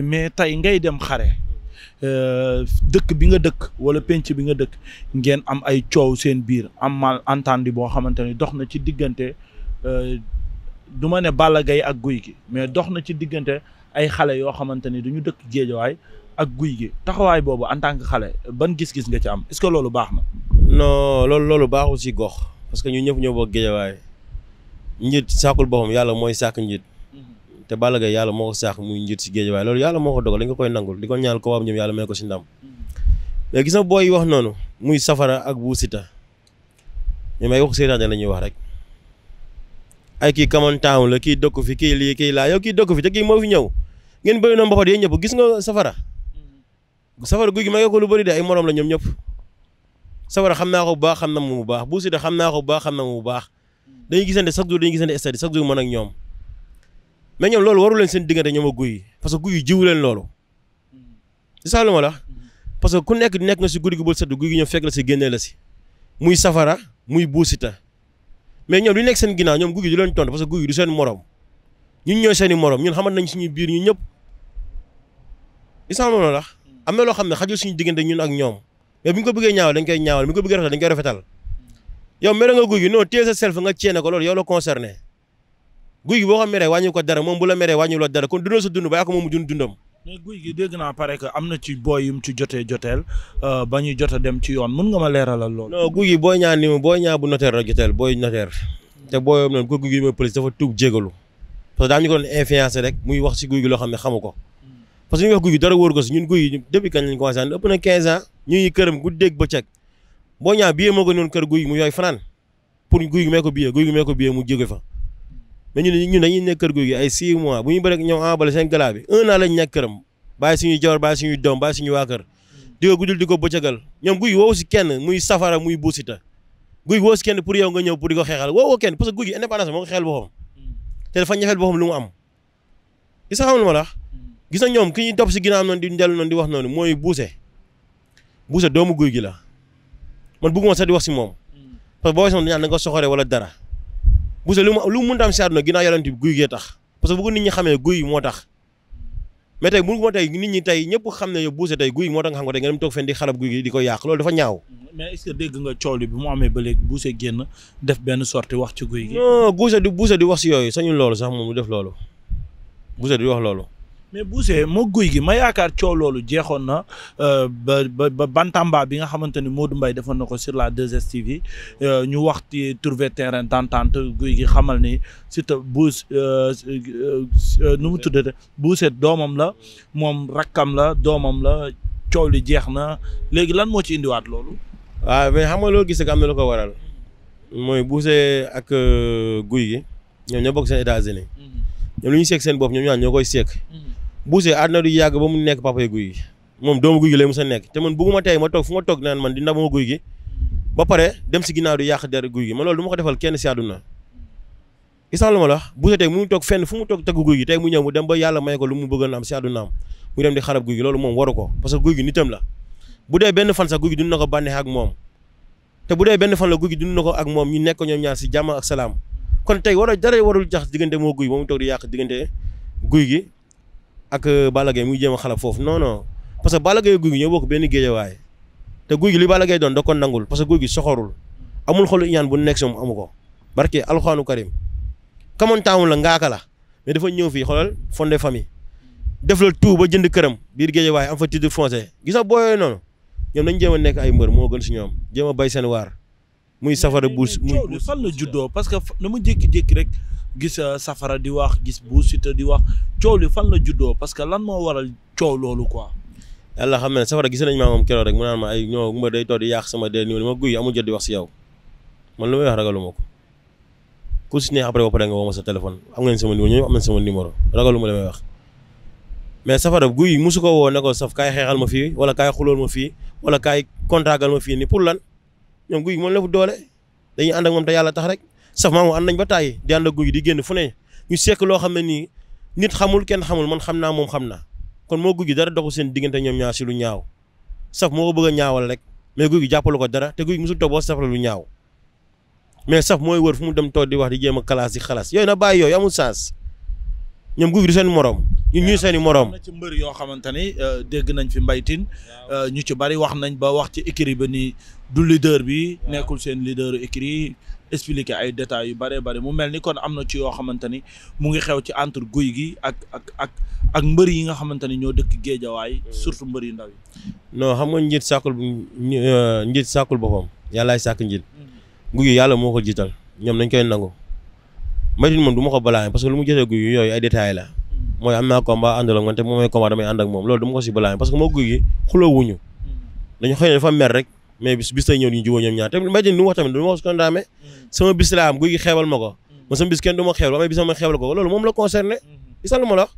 mais tey ngay dem xare euh, dëkk bi nga dëkk wala penc bi nga dëkk ngeen am ay coow seen biir am malentendu boo xamante ni dox na ci diggante euh, du ma ne Balla Gaye ak Guy gi mais dox na ci diggante ay xale yoo xamante ni duñu dëkk géejawaay ak Guy gi taxawaay boobu en tant que xale ban gis-gis nga ci am est-ce que loolu baax na. non loolu loolu baaxul si gox parce que ñu ñëpp ñoo bokk géejawaay njiit saakul boppam yàlla mooy sàkk njiit te Balla Gaye yàlla moo ko saax muy njiit si géej waaye yàlla moo ko ko koy nangul di ko ñaanal ko waam ñoom yàlla may ko si ndam mm. mais gis na booy wax noonu muy safara ak bu sita ñu may wax la ñuy wax rek ay kii kamantaan la kii dëkk fi kii lii laa yow kii dëkk fi te moo fi ñëw ngeen bëri na mbapat yéen ñëpp gis nga safara mm. safara guy gi may ko lu bari de ay morom la ñoom ñëpp safara xam naa ko bu baax xam na mu bu baax bu sita xam naa ko bu na mu bu baax mm. dañuy gisante chaque jour dañuy gisante stade chaque jour mën ak ñoom mais ñoom loolu waru leen seen diggante ñoom a guy yi parce que guy yi leen loolu. gisaa lu ma la parce que ku nekk nekk nga si guddi gi bul set guy gi ñoom fekk la si la si muy safara muy buusita mais ñoom du nekk seen ginnaaw ñoom guy gi du leen tontu parce que guy gi du seen morom ñun ñooy seen i morom ñun xamal nañ suñu biir ñun ñëpp gisaa lu ma la am na loo xam ne xajul suñu diggante ñun ak ñoom mais bu ñu ko bëggee ñaawal dañ koy ñaawal bu ñu ko bëggee rafetal dañ koy rafetal yow mere nga guy gi non téye nga ceene ko loolu yow concerné guy gi boo ko meree wàññi ko dara moom bu la meree wàññi la dara kon dundal sa ba yaa ko moom mu dund dundam. mais guy gi dégg naa pare que am na ci booy yu mu ci jotee joteel ba ñuy jot dem ci yoon mun nga ma leeralal lool. non guy gi booy ñaan ni booy ñaan bu notaire la joteel booy notaire te booyoom noonu ko ko guy gi loo xam ne xamu ko parce que ñu wax guy gi dara wóor ko ñun guy gi depuis kañ lañ commencé ëpp na 15 ñu ngi kër guy gi mu yooyu fanaan pour guy gi mee ko billet guy ko billet mu jóge fa mais ñun ñun dañuy nekk kër Gouye Gui ay 6 mois bu ñu bëreeg ñoom Ama ah, Baldé seen galaa bi un an lañ nekk këram bàyyi suñuy jabar bàyyi suñuy doom bàyyi suñuy waa kër di ko guddul di ko bëccëgal ñoom Gouye Gui woowu si kenn muy safara muy buusita Gouye Gui woowu si kenn pour yow nga ñëw pour di ko xeexal woowu kenn parce que Gouye Gui indépendance moo ko xeexal boppam te dafa ñafeel boppam lu mu am gis nga xam lu ma la gis na ñoom ki ñuy topp si ginnaaw noonu di dellu noonu di wax noonu mooy buuse buuse doomu Gouye Gui la man bëgguma sax di wax si moom parce que boo waxee si moom dañu naan da nga soxore wala dara bu lu mu lu mu mënta am si àdduna ginnaaw yonent bi guy gee tax parce que bu ko nit ñi xamee guy moo tax mais tey bu ko tey nit tey ñëpp xam ne yow buuse tey guy moo tax nga xam ko tey nga dem toog fenn di xalab guy gi di ko yàq loolu dafa ñaaw. mais est-ce dégg nga coow bi mu amee ba léegi buuse génn def benn sortie wax ci guy gi. non buuse di di wax si yooyu sañul loolu sax moom mu def loolu buuse di wax loolu. mais Bousse moo guy gi ma yaakaar coow loolu jeexoon na euh, ba ba ba bantamba bi nga xamante ni Modou Mbaye defoon na ko sur la 2STV euh, ñu waxti trouver terrain d'entente guy gi xamal ni surtout Bousse euh, nu mu tuddate Bousse doomam la moom rakkam la doomam la coow li jeex na léegi lan moo ci indiwaat loolu. waaw ah, mais xam nga loo gis am na lu ko waral. mooy Bousse ak guy gi ñoom ñoo bokk seen états mm-hmm. ñoom lu ñu seek seen bopp ñoom ñaan ñoo koy seek mm-hmm. Boucher àdduna du yàgg ba mu nekk papay guy gi moom doomu guy gi lay mës a nekk te man bëgguma tey ma toog fu ma toog naan man di ndamoo guy gi ba pare dem si ginnaaw di yàq der guy gi ma loolu ma ko defal kenn si àdduna isaan lu ma la wax Boucher tey mu ngi toog fu mu toog tagg guy gi tey mu ñëw mu dem ba yàlla may lu mu bëgg am si àddunaam mu dem di xarab loolu moom waru ko parce que guy gi nitam la bu dee benn fan sax guy gi dund na ko bànneex ak moom te bu dee benn fan la gi dund na ko ak moom ñu nekk ñoom ñaar si jàmm ak salaam kon tey war a dara warul jax diggante moo guy ba mu toog di yàq diggante guy gi ak euh, Balla Gaye muy jéem a xalab foofu non non parce que Balla Gaye guy gi ñoo bokk benn géejawaay te guy gi li Balla Gaye doon da ko nangul parce que guy gi soxorul amul xolu iñaan bu nekk si moom amu ko barke alxaanu karim kamoon taawul la ngaaka la mais dafa ñëw fii xoolal fondé famille def la tout ba jënd këram biir waaye am fa titre foncier gis nga booyooyu noonu ñoom dañ jëm a nekk ay mbër moo gën si ñoom jéem a bay seen waar muy safara buus muy fan la parce que na ma jékki-jékki rek gis euh, safara di wax gis bu sita di wax coow li fan la juddoo parce que lan moo waral coow loolu quoi. yàlla xam ne safara gis nañ maa moom keroog rek mu naan ma ay ñoo day toog di yàq sama dee nii ma guy amul jot di wax si yow man lu may wax ragalu ko ku si neex après ba pare nga woo ma sa téléphone am ngeen sama numéro ñoom am sama numéro ragalu ma li may wax. mais safara guy musu ko woo ne ko saf kaay xeexal ma fii wala kaay xulool ma fii wala kaay kontaagal ma fii nii pour lan ñoom guy moom la doole dañuy ànd moom te yàlla tax rek. saf maa moom nañ ba tàyyi di ànd ak guy di génn fu ne ñu sekk loo xam ne nii nit xamul kenn xamul man xam naa moom xam naa kon moo guy dara doxu seen diggante ñoom ñaar si lu ñaaw saf moo bëgg a ñaawal rek mais guy jàppalu ko dara te guy gi musul toog boo saf la lu ñaaw mais saf mooy wër fu mu dem toog di wax di jéem a kalaas di xalaas yooyu na bàyyi yooyu amul saas ñoom guy gi du seen morom ñun ñuy seen i morom. ci mbër yoo xamante ni euh, dégg nañ fi mbaytin euh, ñu ci bari wax nañ ba wax ci écurie ba ni du bi. nekkul seen leader écurie expliquer ay détails yu bëree bëri mu mel ni kon am na ci yoo xamante ni mu ngi xew ci entre guy gi ak ak ak ak mbër yi nga xamante ni ñoo dëkk géejawaay mm. surtout mbër yu ndaw yi. non xam nga njiit sàkkul euh, njiit sàkkul boppam yàllaay sàkk njiit mm. guy gi yàlla moo ko jiital ñoom nañ koy nangu ma ko balaa parce que lu mu ay détails la mm. mooy am naa combat àndal ak man te moom loolu du ma ko si balaa parce que moo guy gi xuloo wuñu dañu xëy dafa mer rek mais bis bis tay ñëw ñu jubóo ñoom ñaar tamit mbay mi nu wax tamit mm. sama bis laa am guy gi xeebal ma mm. ma sama bis kenn du ma xeebal waaye bis sama xeebal la concerné mm. ma la wax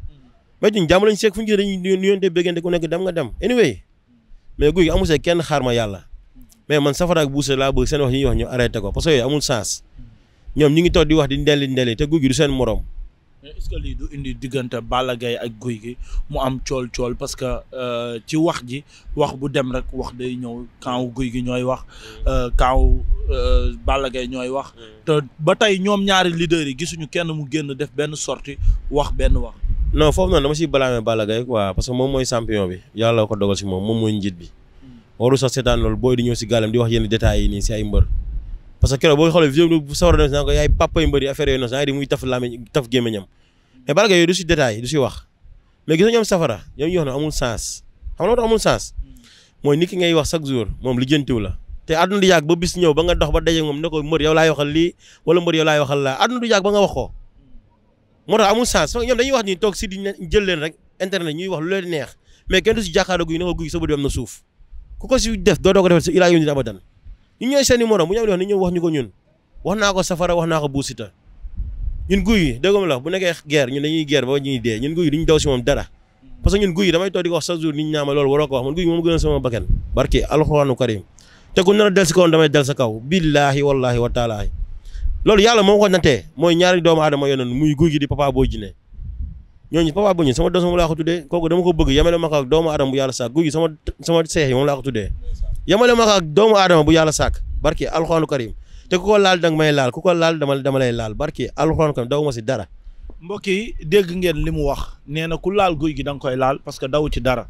mbay mi jàmm lañ seeg fu ñu jëlee dañuy nuyonte béggante dem nga dem anyway mais guy gi amul see kenn xaar man safara ak buuse laa bëgg seen wax yi ñuy wax ñu arrêté ko parce que di wax di ndelli ndelli te du seen morom mais lii du indi diggante Balla Gaye ak guy gi mu am cool cool parce que euh, ci wax ji wax bu dem rek wax day ñëw kaaw guy gi ñooy wax kaaw mm. euh, euh, Balla Gaye ñooy wax mm. te ba tey ñoom ñaari leaders yi gisuñu kenn mu génn def benn sorti wax benn wax non foofu noonu dama siy balaamee Balla Gaye quoi parce que moom mooy champion bi yàlla ko dogal si moom moom mooy njiit bi mm. waru sax seetaan loolu booy di ñëw si gàllam di wax yenn détails yi nii si ay mbër parce que keroog boo xoolee vidéo bi bu sawar a dem ko yaay papa yu mbëri affaire yooyu noonu saa di muy taf làmmiñ mais Balla Gaye yooyu du si détail du si wax mais gis nga safara ñoom ñu wax ne amul sens xam ki ngay wax chaque jour moom li jëntiw la ba bis ñëw ba nga ba daje moom ne ko mbër yow laay waxal lii wala mbër yow laay waxal laa àdduna du wax ko moo tax amul sens ñoom dañuy wax ni ñuy wax lu leen neex mais kenn du si jàkkaarloo guy guy sa bët bi am na suuf ku ko si def doo doo ko defal si ilaa yow ni abadan ñu ñooy seen i morom bu ñu wax ni wax ñu ko ñun wax naa ko safara wax naa ko buusita ñun guy yi dégg la bu nekkee guerre ñun dañuy guerre ba ñuy dee ñun guy yi duñ daw si moom dara parce que ñun guy yi damay toog di ko wax chaque jour nit ñaa ma loolu waroo ko wax man guy moom gën a sama bakkan barke alxuraanu karim te ku nar a del si kawam damay del sa kaw billaahi wallaahi wa loolu yàlla moo ko nattee mooy ñaari doomu aadama yonoon muy guy gi di papa boo jinne ñooñu papa boo sama doom sama laa ko tuddee kooku dama ko bëgg yamele ma ko ak doomu aadama bu yàlla sax yamale ma ak doomu aadama bu yàlla sàkk barke alxuraanu karim te ku ko laal danga may laal ku ko laal dama dama lay laal barke alxuraanu karim daw ma si dara. mbokk yi dégg ngeen li mu wax nee na ku laal guy gi da nga koy laal parce que daw ci dara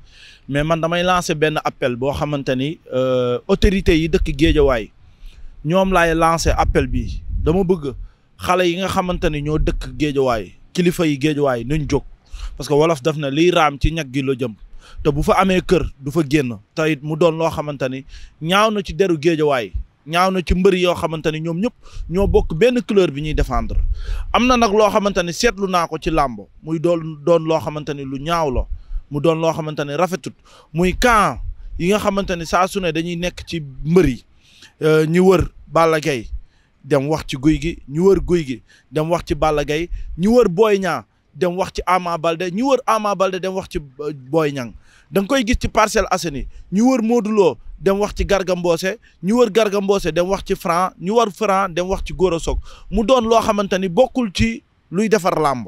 mais man damay lancer benn appel boo xamante ni euh, autorités yi dëkk géejawaay ñoom laay lancer appel bi dama bëgg xale yi nga xamante ni ñoo dëkk géejawaay kilifa yi géejawaay nañ jóg parce que wolof daf na liy raam ci ñag gi la jëm. te bu fa amee kër du fa génn te it mu doon loo xamante ni ñaaw na ci deru géejawaay ñaaw na ci mbëri yoo xamante ni ñoom ñëpp ñoo bokk benn couleur bi ñuy défendre am na nag loo xamante ni seetlu naa ko ci làmb muy doon doon loo xamante ni lu ñaaw la mu doon loo xamante ni rafetut muy camp yi nga xamante ni saa su ne dañuy nekk ci mbër yi euh, ñu wër Balla gay dem wax ci guy gi ñu wër guy gi dem wax ci Balla gay ñu wër booy Niang dem wax ci Ama Balde ñu war Ama Balde dem wax ci euh, Boy Niang da nga koy gis ci Parcelles Assainies ñu wër Modou Lo dem wax ci Garga Mbossé ñu wër Garga Mbossé dem wax ci Franc ñu war Franc dem wax ci Gora Sock mu doon loo xamante ni bokkul ci luy defar làmb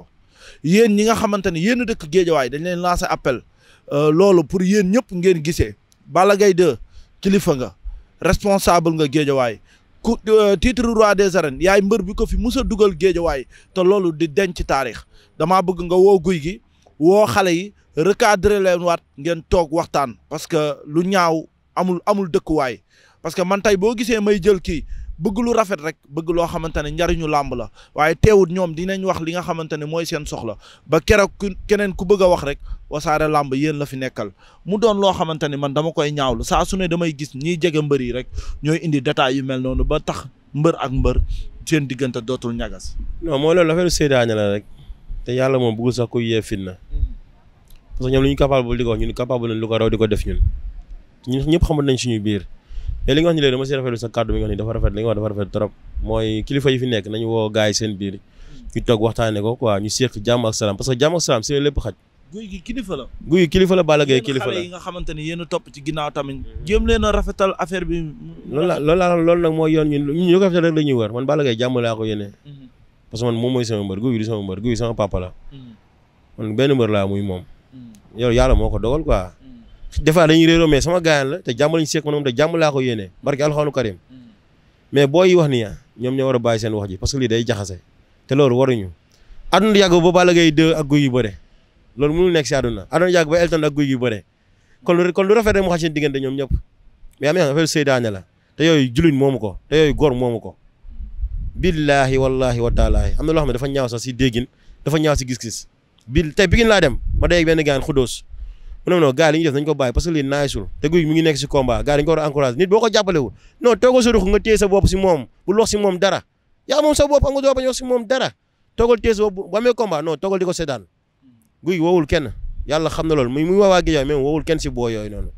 yéen ñi nga xamante ni yéen dëkk Géejawaay dañ leen lancer appel euh, loolu pour yéen ñëpp ngeen gisee bala Gaye 2 kilifa nga responsable nga Géejawaay ku euh, titre roi des arènes yaay mbër bi ko fi musa dugal dugal géejawaay te loolu di denc taarix damaa bëgg nga woo guy gi woo xale yi recadrer leen waat ngeen toog waxtaan parce que lu ñaaw amul amul dëkkuwaay parce que man tey boo gisee may jël kii bëgg lu rafet rek bëgg loo xamante ne njariñu làmb la waaye teewut ñoom dinañ wax li nga xamante ne mooy seen soxla ba keroog ku keneen ku bëgg wax rek wasaare làmb yéen la fi nekkal mu doon loo xamante ne man dama koy ñaawlu saa su ne damay gis ñiy jege mbër yi rek ñooy indi détails yu mel noonu ba tax mbër ak mbër seen diggante dootul ñagas. non mooy loolu affaire séddaane la rek te yàlla moom bëggul sax ku yee fitna parce que ñoom lu ñu capable di ko wax ñun capable nañ lu di ko def ñun ñun ñëpp xamoon nañ suñu biir te li nga wax ni léegi dama ni fi nekk nañu woo gars yi seen ñu ko quoi ñu séq jàmm ak kilifa la guy kilifa yi nga xamante ni yéen a ci ginnaaw tamit mhm. jéem leen a rafetal la loolu la loolu nag mooy ko rafetal rek la ñuy wër man Balla Gaye jàmm laa ko yéene mhm. parce que man moom mooy sama mbër guy gi sama mbër guy sama papa mhm. man benn mbër laa muy moom yow yàlla moo ko dogal quoi des fois dañuy réeroo mais sama gaayan la te jàmm lañ seek man moom te jàmm laa ko yéenee barke alxaanu karim mais booy wax ni ñoom ñoo war a bàyyi seen wax ji parce que lii day jaxase te loolu waruñu àdduna yàgg ba Balla Gaye 2 ak guy yu bëre loolu mënul nekk si àdduna àdduna yàgg ba Elton ak guy yu bëre kon kon lu rafet rek mu xaj seen diggante ñoom ñëpp mais am na affaire seydaane la te yooyu jullit moomu ko te yooyu góor moomu ko billaahi wallaahi wa taalaahi am na loo xam ne dafa ñaaw sax dafa ñaaw si gis bi tey bi gin laa dem ma day benn gaan xudóos mu ne non gars yi li ñu def ko bàyyi parce que lii naaysul guy mi nekk si combat gars yi ko war a encouragé nit boo ko jàppalewul non toogal sa nga téye sa si moom bul wax si moom dara yaa moom sa bopp nga doo si moom dara toogal téye sa bu amee ko seddaan na loolu muy si boo noonu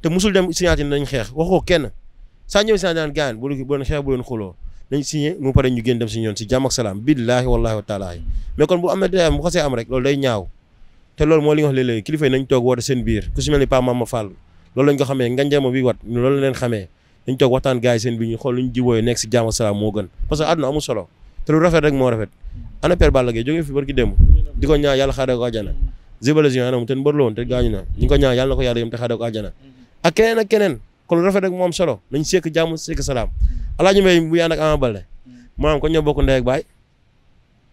te musul dem signature nañ xeex wax ko kenn saa ñëw signature naan gaañ bu doon xeex bu doon xuloo dañ mu pare ñu génn dem si ñoon si jàmm ak salaam billaahi wallaahi wa taala mais kon bu amee day am bu xasee am rek loolu day ñaaw te loolu moo li nga wax léeg-léeg kilifa yi ni loolu lañ xamee nganjeema toog waxtaan gars seen biir ñu xool lu ñu jibooyee nekk salaam moo gën parce que àdduna solo te lu rafet rek moo rafet ana Père Balla Gaye jógee fi barki démb di ko ñaan yàlla xaaree ko àjjana zébalasion anam te mbër la woon te gaañu na ñu ko ñaan yàlla na ko yàlla yëm ko àjjana ak keneen ak lu rafet rek moo am solo nañ sekk jàmm sekk salaam alaaji mbay bu yaan ak Ama Baldé maanaam ko ñoo bokk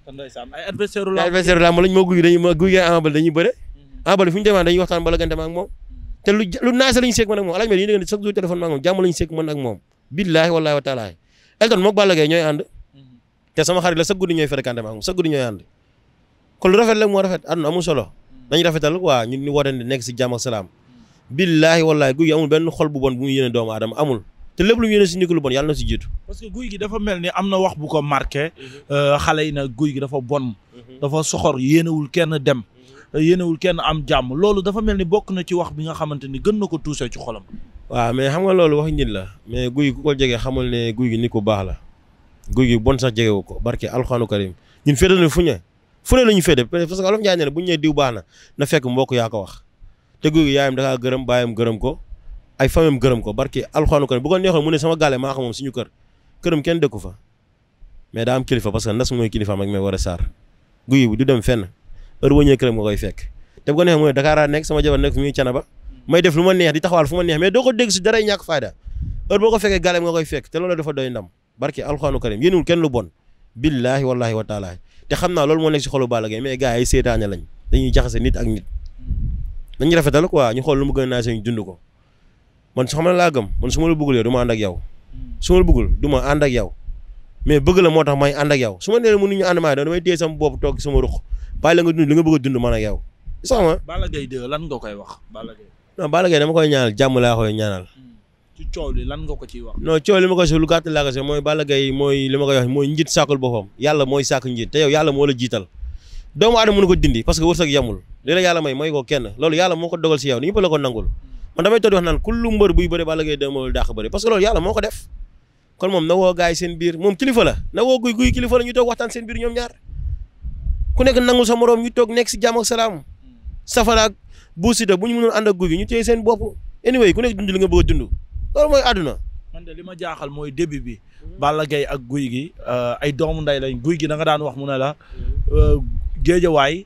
kon ndeysaan ay adversaire la adversaire la lañ moo guy dañuy ma guy Ama Baldé dañuy bëre mhm. Ama Baldé fu ñu demaan dañuy waxtaan bala gante ma ak moom mhm. te lu lu naasa lañu seeg man ak moom alaaj ma dañuy déggante chaque jour téléphone ma ak moom jàmm lañu seeg man ak billaahi wallaahi wa taalaahi Elton mook Balla ñooy ànd mhm. te sama xarit la sa guddi ñooy fréquenté ma ak moom sa guddi ñooy ànd kon lu rafet la moo rafet àdduna amul solo dañu rafetal waa ñun ñu woote nekk si jàmm ak salaam billaahi wallaahi guy amul benn xol bu bon bu muy yéene amul te lépp lu ñu yéene si Nicolas lu bon yàlla na si jiitu. parce que guy gi dafa mel ni am na wax bu ko marqué. Euh, xale yi na guy gi dafa bon. dafa soxor yéenewul kenn dem. yéenewul kenn am jàmm loolu dafa mel ni bokk na ci wax bi nga xamante ni gën na ko tuusee ci xolam. waaw mais xam nga loolu wax nit la mais guy ku ko jege xamul ne guy gi nit ko baax la. guy gi bon sax jegewu ko barke alxaanu karim ñun féete na fu ñu fu ne la ñu féete parce que olof Ndiaye ne bu ñu nee diw na fekk mbokk yaa ko wax te guy gi yaayam da gërëm baayam gërëm ko ay famem gërëm ko barki alxaanu ko bu ko neexoon mu ne sama gaale maa xam moom suñu kër këram kenn dëkku fa mais daa am kilifa parce que nas mooy kilifaam ak may war a saar guy bi du dem fenn heure boo ñëwee këram nga koy fekk te bu ko neexee mu ne Dakar nekk sama jabar nekk fi muy Canaba may def lu ma neex di taxawal fu ma neex mais doo ko dégg si dara ñàkk fayda heure boo ko fekkee gaaleem nga koy fekk te loolu dafa doy ndam barki alxaanu karim yéenul kenn lu bon billaahi wallaahi wa taala te xam naa loolu moo nekk si xolu Balla Gaye mais gars yi seetaane lañ dañuy jaxase nit ak nit dañuy rafetal quoi ñu xool lu mu gën naa seen dund ko man su xam laa gëm man su ma la bëggul yow du ma ànd ak yow su ma la bëggul du ma ànd ak yow mais bëgg la moo tax may ànd ak yow su ma nee mënuñu ànd maa damay téye sama bopp toog sama ruq bàyyi la nga dund li nga bëgg a dund man ak yow ma. Balla lan nga koy wax Balla Gaye. non Balla ñaanal jàmm laa koy ñaanal. Hmm. ci coow li lan ko ciy wax. non laa ko si mooy Balla Gaye mooy li ma koy wax mooy njit sàkkul boppam yàlla mooy sàkk njit te yow yàlla moo la jiital doomu aadama mënu ko dindi parce que wërsëg yamul li la yàlla may may ko kenn loolu yàlla moo k dogal si yow ni la ko nangul man damay toog wax naan kullu mbër buy bëri Balla Gaye 2 moo dàq bëri parce que loolu yàlla moo ko def kon moom na woo gars yi seen biir moom kilifa la na woo guy guy kilifa la ñu toog waxtaan seen biir ñoom ñaar ku nekk nangu sa moroom ñu toog nekk si jàmm ak salaam safara ak buusita bu ñu mënoon ànd ak guy gi ñu téye seen bopp anyway ku nekk dund li nga bëgg a dund loolu mooy li ma jaaxal mooy début bi Balla gay ak guy gi euh, ay doomu nday lañ guy gi da nga daan wax mu ne la euh, géejawaay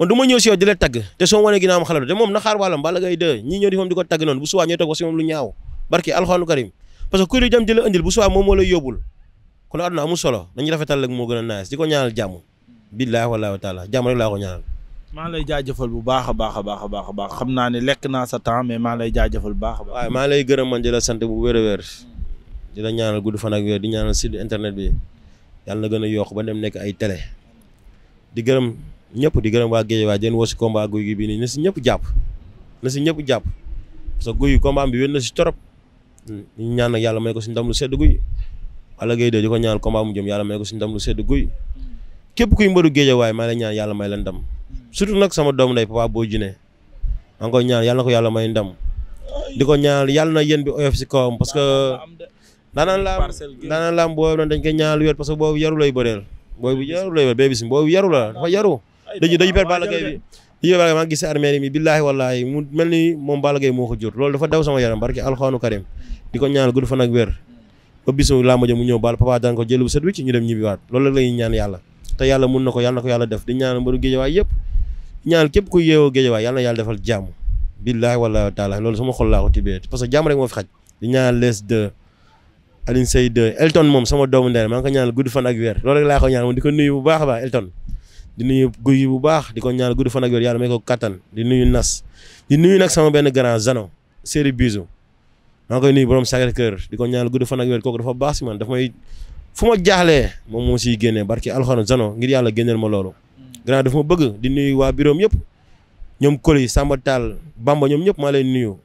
man du ma ñëw si yow di la tagg te soo wane ginnaaw ma xalaatu te moom na xaar wàllam Balla Gaye 2 ñii ñëw di moom di ko tagg noonu bu suwaa ñooy toog wax si moom lu ñaaw barki alxuraanu karim parce que ku di dem di la bu suwaa moom moo lay yóbbul kon àdduna amul solo dañu rafetal rek moo gën a naas di ko ñaanal jàmm billaahi wallaahi wa taala rek laa ko ñaanal maa lay jaajëfal bu baax a baax a baax a baax a baax xam naa ne lekk naa sa temps mais maa lay jaajëfal baax a baax waaw maa lay gërëm man di sant bu wér a wér di la ñaanal gudd fan ak wér di ñaanal site internet bi yàlla na gën a yokk ba dem nekk ay télé di gërëm ñëpp di gërëm waa géej waa jën woo si combat guy gi bii nii na si ñëpp jàpp na si ñëpp jàpp parce guy gi combat na si torop ñu ñaan nag yàlla may ko si ndam lu sedd guy Balla Gaye de di ko ñaan combat mu jëm yàlla may ko si ndam lu sedd guy képp kuy mbëru Guèye waaye maa lay ñaan yàlla may la ndam surtout nag sama doom ndey Papa Boy Djiné maa ngi ñaan yàlla na ko yàlla may ndam di ko ñaan yàlla na yéen bi oyof si kawam parce que daanaan laam daanaan laam boobu dañ koy ñaan lu wet parce que boobu yaru lay bëreel boobu yaru dañuy dañuy per Balla Gaye bi dañuy per maa ngi gis armée mi billaahi wallaahi mu mel ni moom Balla Gaye moo ko jur loolu dafa daw sama yaram barki alxaanu karim di ko ñaanal gudd fan ak la ñuy ñaan yàlla te yàlla mun na ko yàlla na ko yàlla def di ñaanal weer loolu rek laa ko ñaan moom di ko nuyu bu baax baax Elton di nuyu guy bu baax di ko ñaan gudd fan ak yor yàlla may ko kattan di nuyu nas di nuyu nag sama benn grand zano série biso maa koy nuyu borom Sacré Cœur di ko ñaan gudd fan ak ma jaaxlee moom moo siy génnee barki alxuraan ma loolu. grand dafa di nuyu waa biroom yëpp ñoom Koli Samba Tall Bamba ñoom ñëpp maa lay nuyu.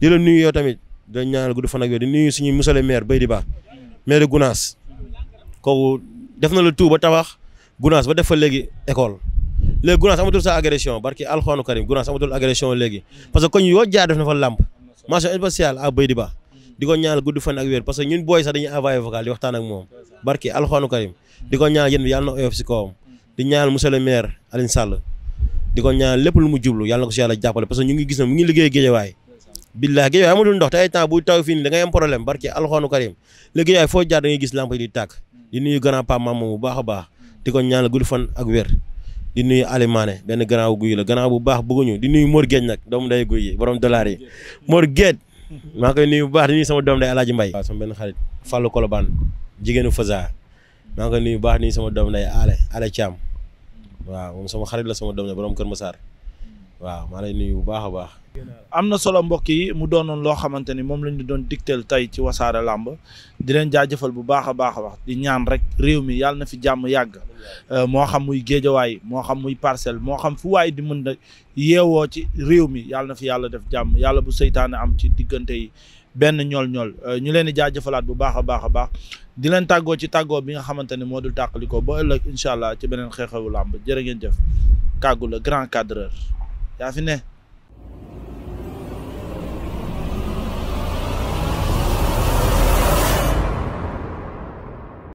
di la nuyu yow tamit di ñaanal gudd fan ak yor di nuyu suñu monsieur Ba maire Gunaas kooku def na la tout tabax. Gunaas ba def fa léegi école léegi Gunaas amatul sa agression barki alxuraanu karim Gunaas amatul agression léegi parce que koñ yoo jaar def na fa làmp mention spéciale à Baydi Ba di ko ñaanal gudd fan ak wér parce que ñun booy sax dañuy envoyé vocal di waxtaan ak moom barki alxuraanu karim di ko ñaanal yéen bi si kawam di ñaanal monsieur maire Alioune Sall di ko ñaanal lépp lu mu jublu yàlla ko si yàlla jàppale parce que ñu ngi gis na mu ngi liggéey géejawaay a ti ko ñaanal gudd fan ak wér di nuy Alimane benn gannaaw guy la gannaaw bu baax bëgguñu di nuyu Mor Guèye nag doom day guy yi boroom dollar yi Mor maa koy nuyu bu baax di sama doom day Alaaji Mbay waaw sama benn xarit Fallou Kolobane jigéenu Faza maa koy nuyu bu baax di nuyu sama doom day Ale Ale Thiam waaw moom sama xarit la sama doom day borom Kër Massar waaw maa lay bu baax a baax. am na solo mbokk yi mu doonoon loo xamante ni moom lañu doon digteel tey ci wasaare làmb di leen bu baax a baax a wax di ñaan rek réew mi yàlla na fi jàmm yàgg euh, moo xam muy géejawaay moo xam muy parcelle moo xam fu waay di mën na yeewoo ci réew mi yàlla na fi yàlla def jàmm yàlla bu seytaane am ci diggante yi benn ñool-ñool euh, ñu leen di jaajëfalaat bu baax a baax a baax di leen tàggoo ci tàggoo bi nga xamante ne moo dul tàqalikoo ba ëllëg incha allah ci beneen xew-xewu làmb jërë ngeen jëf tàggu la grand cadreur yaa fi ne